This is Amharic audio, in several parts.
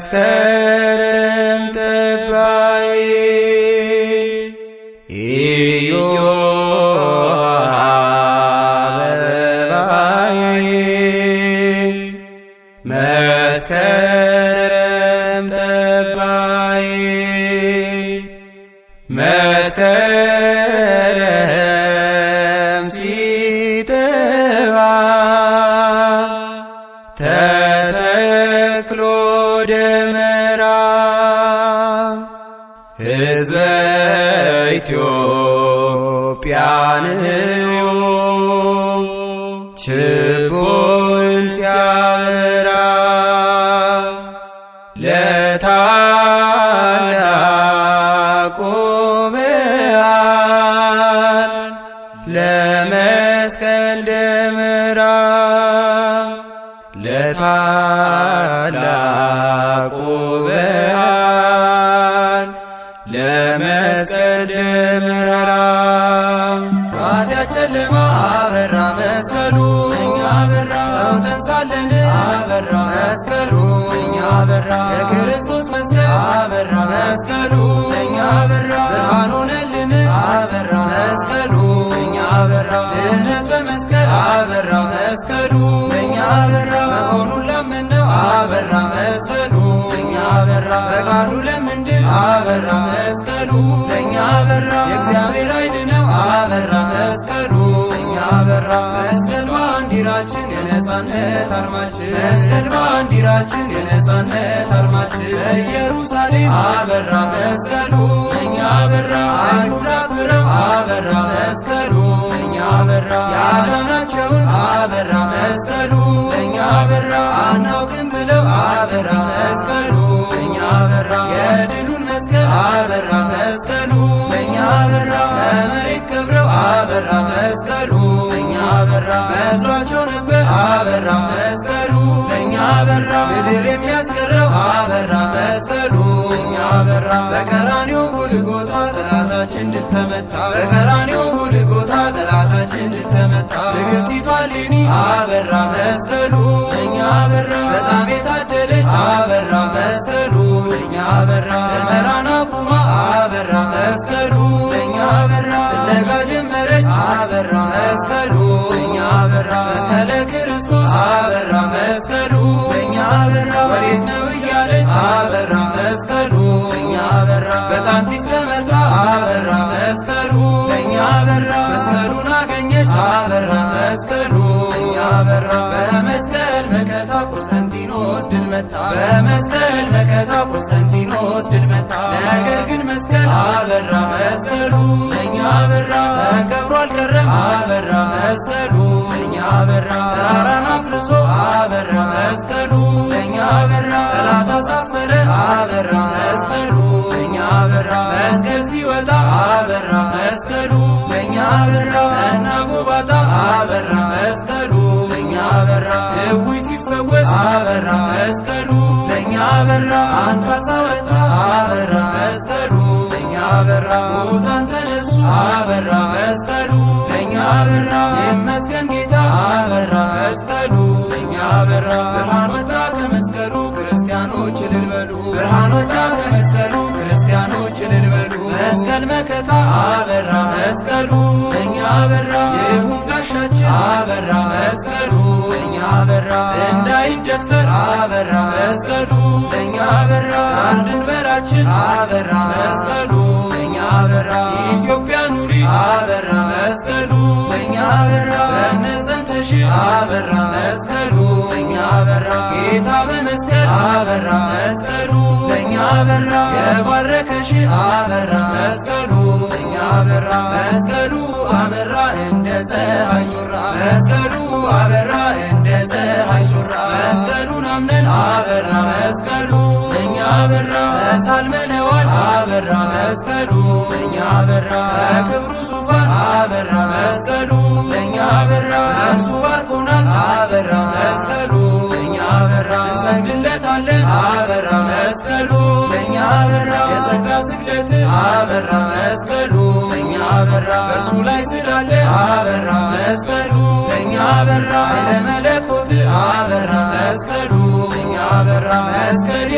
¡Gracias! ደመራ ሕዝበ ኢትዮጵያንዩ ችቦን ሲያበራ ለታላቁ ብርሃን ለመስቀል ደመራ ለታ ደመራ ባቲያች ጨለማ አበራ መስቀሉ እኛ አበራ ተንሳለን አበራ መስቀሉ እኛ በራ የክርስቶስ መስቀል አበራ መስቀሉ እኛ በራ ብርሃን ሆነልን አበራ መስቀሉ እኛ በራ ድነት በመስቀል አበራ መስቀሉ እኛ አበራ መሆኑን ላመነው አበራ መስቀሉ እኛ አበራ በቃሉ ለምንድን አበራ መስቀሉ አበራ የእግዚአብሔር አይን ነው አበራ መስቀሉ እኛ አበራ መስቀል ባንዲራችን የነጻነት አርማችን መስቀል ባንዲራችን የነጻነት አርማችን ኢየሩሳሌም አበራ መስቀሉ እኛ አበራ አይሁድ አበራ መስቀሉ እኛ አበራ ያዳናቸውን አበራ መስቀሉ እኛ አበራ አናውቅም ብለው አበራ መስቀሉ እኛ አበራ የድሉን መስቀል አበራ መስቀሉ አበራ በመሬት ከብረው አበራ መስቀሉ እኛ አበራ መስሏቸው ነበር አበራ መስቀሉ እኛ አበራ ምድር የሚያስቀረው አበራ መስቀሉ እኛ በራ በቀራኔው ጎልጎታ ጠላታችን ድል ተመታ በቀራኔው ጎልጎታ ጠላታችን ድል ተመታ ንግሥቲቷ እሌኒ አበራ መስቀሉ እኛ አበራ በጣም የታደለች አበራ መስቀሉ እኛ አበራ አበራ መስቀሉ ፍለጋ ጀመረች አበራ መስቀሉ እኛ መስቀለ ክርስቶስ አበራ መስቀሉ እኛ ወዴት ነው እያለች አበራ ከሙታን ተነሱ አበራ መስቀሉ እኛ አበራ ይመስገን ጌታ አበራ መስቀሉ እኛ በራ ብርሃን ወጣ ከመስቀሉ ክርስቲያኖች እልል በሉ ብርሃን ወጣ ከመስቀሉ ክርስቲያኖች እልል መስቀል መከታ አበራ መስቀሉ እኛ አበራ ይሁን ጋሻችን አበራ መስቀሉ እኛ በራ እንዳይደፈር አበራ መስቀሉ እኛ አበራ አንድንበራችን አበራ መስቀሉ በራ ኢትዮጵያ ኑሪ አበራ መስቀሉ እኛ በራ ለነጸንተሽ አበራ መስቀሉ እኛ በራ ጌታ በመስቀል አበራ መስቀሉ በኛ በራ የባረከሽ አበራ መስቀሉ እኛ በራ መስቀሉ አበራ እንደ ፀሐይ ጮራ መስቀሉ አበራ እንደ ፀሐይ ጮራ መስቀሉን አምነን አበራ መስቀሉ እኛ በራ ተሳልመን ዙፋን አበራ መስቀሉ ለእኛ በራ በክብሩ ዙፋን አበራ መስቀሉ ለእኛ በራ እሱ ባርኮናል አበራ መስቀሉ ለእኛ በራ እንሰግድለታለን አበራ መስቀሉ ለእኛ በራ የጸጋ ስግደት አበራ መስቀሉ ለእኛ በራ በእርሱ ላይ ስላለ አበራ መስቀሉ ለእኛ በራ ለመለኮት አበራ መስቀሉ አበራ መስከሬ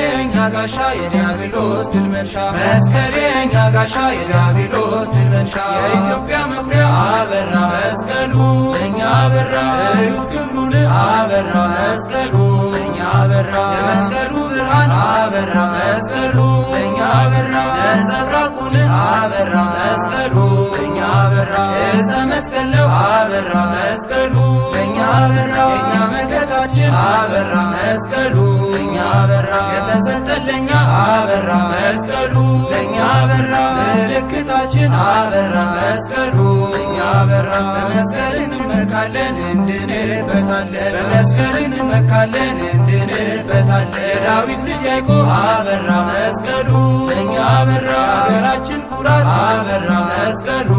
ጋሻ የዲያብሎስ ድል መንሻ መስከሬ ጋሻ የዲያብሎስ ድል መንሻ የኢትዮጵያ መኩሪያ አበራ መስቀሉ እኛ በራ እዩት ክብሩን አበራ መስቀሉ እኛ አበራ የመስቀሉ ብርሃን አበራ መስቀሉ እኛ አበራ ነጸብራቁን አበራ መስቀሉ ዕፀ መስቀል ነው አበራ መስቀሉ እኛ አበራ እኛ መከታችን አበራ መስቀሉ እኛ አበራ የተሰጠን ለእኛ አበራ መስቀሉ ለእኛ አበራ ምልክታችን አበራ መስቀሉ እኛ አበራ በመስቀል እንመካለን እንድንበታለን በመስቀል እንመካለን እንድንበታለን የዳዊት ልጅ ያዕቆብ አበራ መስቀሉ እኛ አበራ ሀገራችን ኩራት አበራ መስቀሉ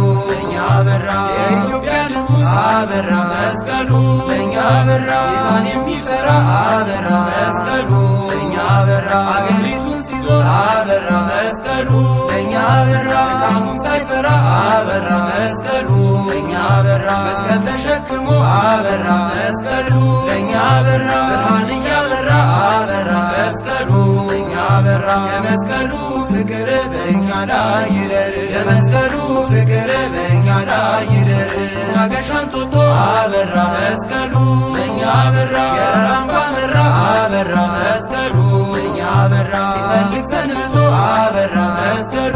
አበራ የኢትዮጵያ ንጉሥ አበራ መስቀሉ እኛ በራ ጌታን የሚፈራ አበራ መስቀሉ እኛ አበራ አገሪቱን ሲዞር አበራ መስቀሉ እኛ በራ ታሙን ሳይፈራ አበራ መስቀሉ እኛ በራ መስቀል ተሸክሞ አበራ መስቀሉ እኛ በራ ብርሃን እያበራ አበራ መስቀሉ እኛ አበራ የመስቀሉ ፍቅር በእኛ ላይ ይደር የመስቀሉ ፍቅር በ ጋራ ይደር አገሻንቶቶ አበራ መስቀሉ እኛ በራ የራምባ መራ አበራ መስቀሉ እኛ በራ ሲፈልግ ሰንብቶ አበራ መስቀሉ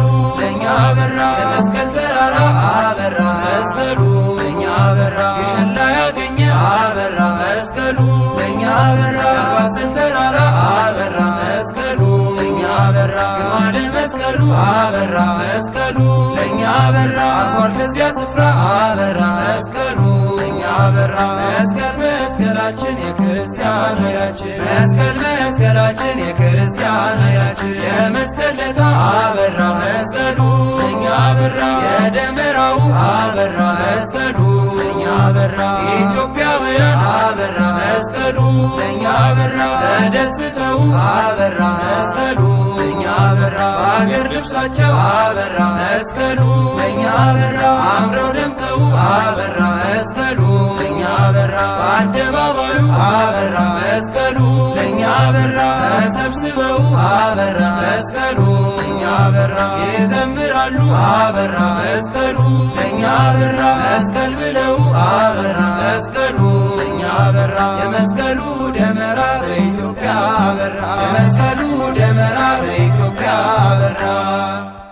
እኛ በራ የመስቀል ተራራ አበራ መስቀሉ እኛ በራ ይሸላ ያገኘ አበራ መስቀሉ እኛ በራ ኳስል ተራራ አበራ መስቀሉ አበራ መስቀሉ ለእኛ በራ አፏል ከዚያ ስፍራ አበራ መስቀሉ ለእኛ በራ መስቀል መስቀላችን የክርስቲያን ኃይላችን መስቀል መስቀላችን የክርስቲያን ኃይላችን የመስቀል አበራ መስቀሉ ለእኛ በራ የደመራው አበራ መስቀሉ ለእኛ በራ ኢትዮጵያውያን አበራ መስቀሉ ለእኛ በራ ተደስተው አበራ መስቀሉ ሀገር ልብሳቸው አበራ መስቀሉ እኛ በራ አምረው ደምቀው አበራ መስቀሉ እኛ በራ በአደባባዩ አበራ መስቀሉ እኛ በራ ተሰብስበው አበራ መስቀሉ እኛ በራ ይዘምራሉ አበራ መስቀሉ እኛ በራ መስቀል ብለው አበራ መስቀሉ እኛ በራ የመስቀሉ ደመራ በኢትዮጵያ አበራ የመስቀሉ ደመራ Sarah.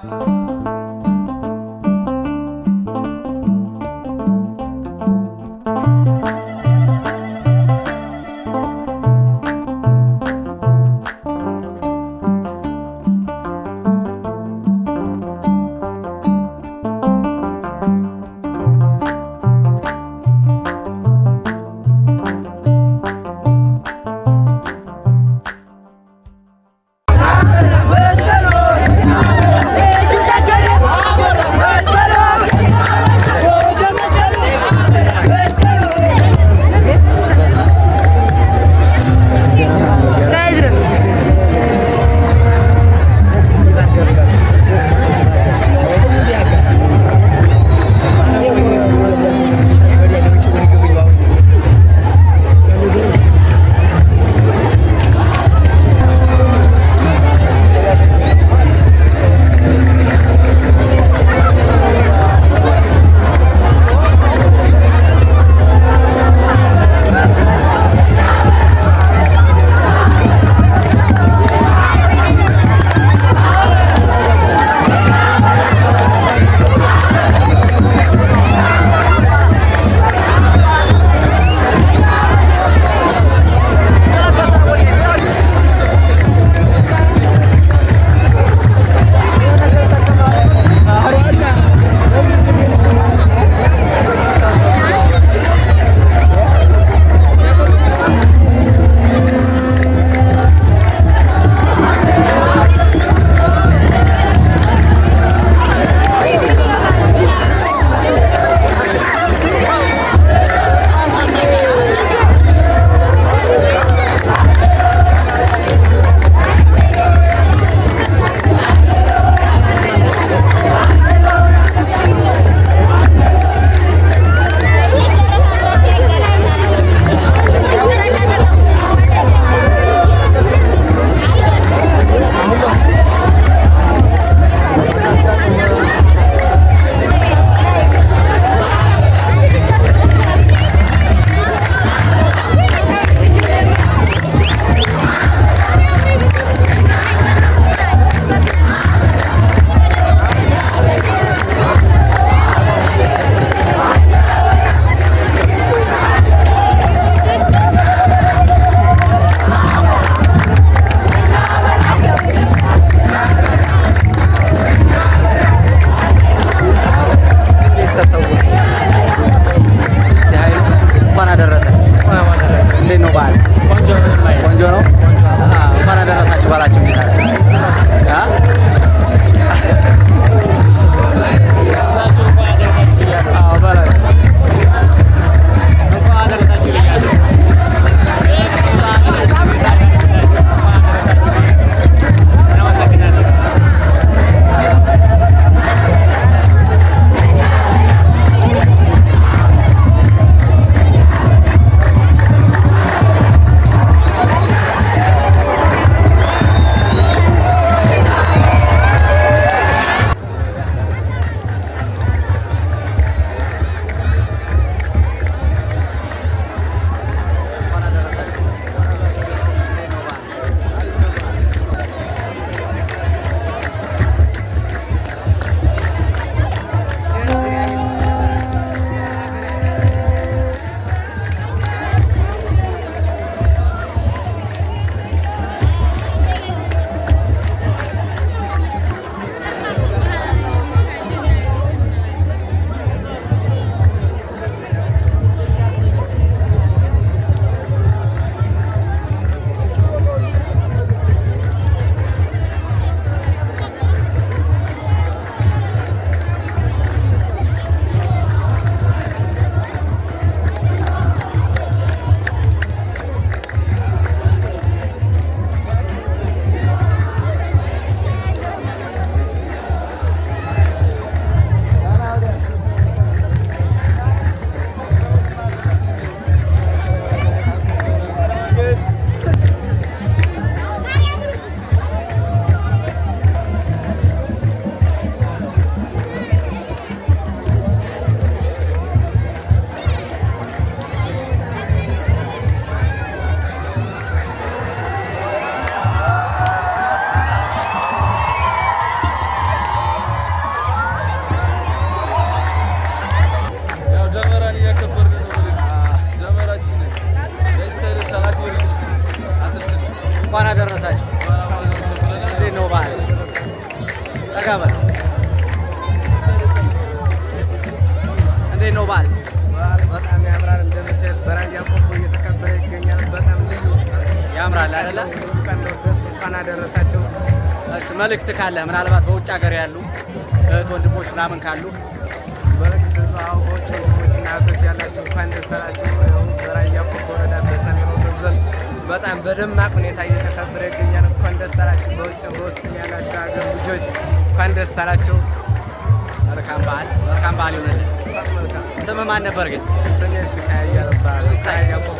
ያምራል አይደለ? እንኳን አደረሳቸው። መልእክት ካለ ምናልባት በውጭ ሀገር ያሉ እህት ወንድሞች ምናምን ካሉ በጣም በደማቅ ሁኔታ እየተከበረ ይገኛል። እንኳን ደስ አላችሁ። በውጭ በውስጥ ያላቸው ሀገር ልጆች እንኳን ደስ አላቸው። መልካም በዓል መልካም በዓል ይሆንልን። ስም ማን ነበር ግን? ስሜ ሲሳይ ያለባ ሲሳይ ያቆቦ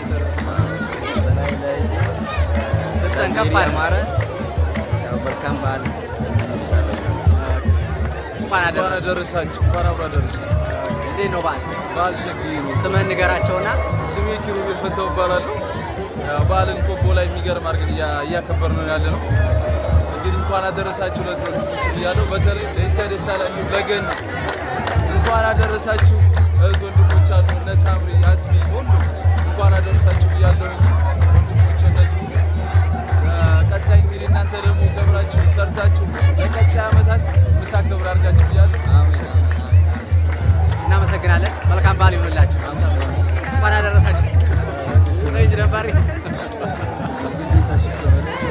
ጸን ከፍ አድማረ መልካም በዓል እንኳን አደረሳችሁ። እንኳን አብሮ አደረሳችሁ። እንዴት ነው በዓል? በዓል ሸግዬ ነው። ስምህን ንገራቸውና። ስሜ ኪሩቤል ፈንታው እባላለሁ። በዓልን ቆቦ ላይ የሚገርም አድርገን እያከበር ነው ያለ ነው። እንግዲህ እንኳን አደረሳችሁ ለትምህርቶች እያለሁ በተለይ ደሳ ደሳ ላችሁ ለገና እንኳን አደረሳችሁ እህት ወንድሞች አሉ እነ ሳምሪ አስሚ ሁሉ እንኳን አደረሳችሁ እያለሁ እንግዲህ እናንተ ደግሞ ገብራችሁ ሰርታችሁ ለቀጣይ ዓመታት የምታከብሩ አድርጋችሁ እያሉ እናመሰግናለን። መልካም በዓል ይሆንላችሁ። እንኳን አደረሳችሁ። ይጅ ነባሪ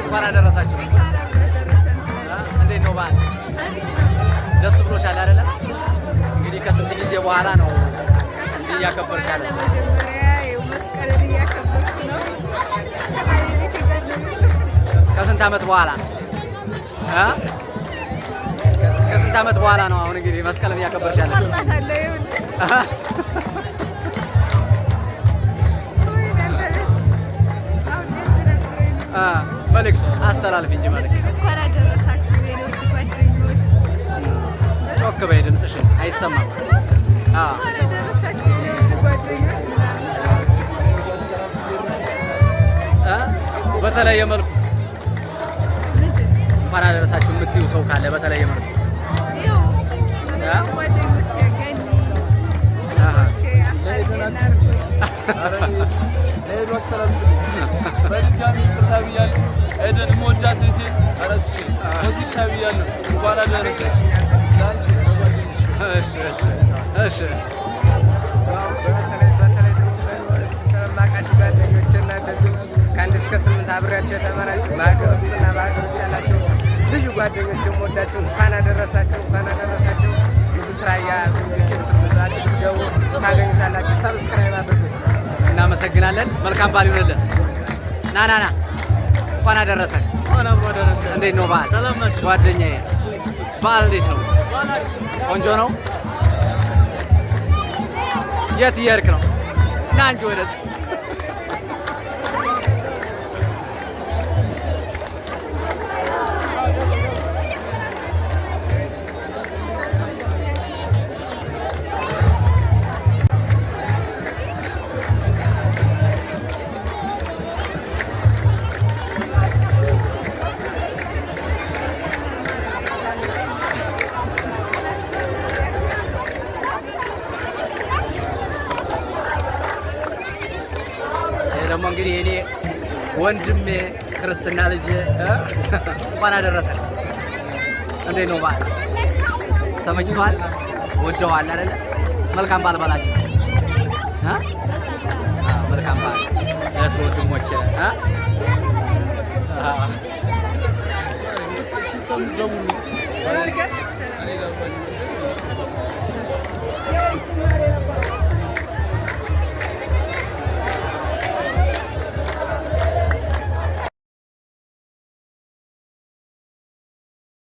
እንኳን አደረሳችሁ። እንዴት ነው በዓል? ደስ ብሎሻል አይደለም? እንግዲህ ከስንት ጊዜ በኋላ ነው እንዲህ እያከበርሻለ ከስንት ዓመት በኋላ ከስንት ዓመት በኋላ ነው አሁን እንግዲህ መስቀልን እያከበርሽ ያለ መልእክት አስተላልፍ እንጂ መልእክት ጮክ በይ ድምፅሽን አይሰማም በተለየ መልኩ እንኳን አደረሳችሁ የምትዩ ሰው ካለ በተለየ መልኩ በተለይ ይቅርታ ብያለሁ። ከአንድ እስከ ስምንት አብሬያቸው የተማራችሁ በሀገር ውስጥ በሀገር ውጭ ልዩ ጓደኞች የምወዳቸው እንኳን አደረሳቸው እንኳን አደረሳቸው። ንጉሥ ራያ ቤችን ስምዛችሁ ደው ታገኙታላችሁ። ሰብስክራይብ አድርጉ። እናመሰግናለን። መልካም በዓል ይሆንልን። ና ና ና እንኳን አደረሰ። እንዴት ነው በዓል? ጓደኛዬ በዓል እንዴት ነው? ቆንጆ ነው። የት እየሄድክ ነው? ና እንጂ ወደዚህ ወንድሜ ክርስትና ልጅ እንኳን አደረሰ። እንዴት ነው በዓል ተመችቷል? ወደዋል አይደለ? መልካም በዓል በላችሁ። መልካም በዓል እህት ወንድሞቼ። አዎ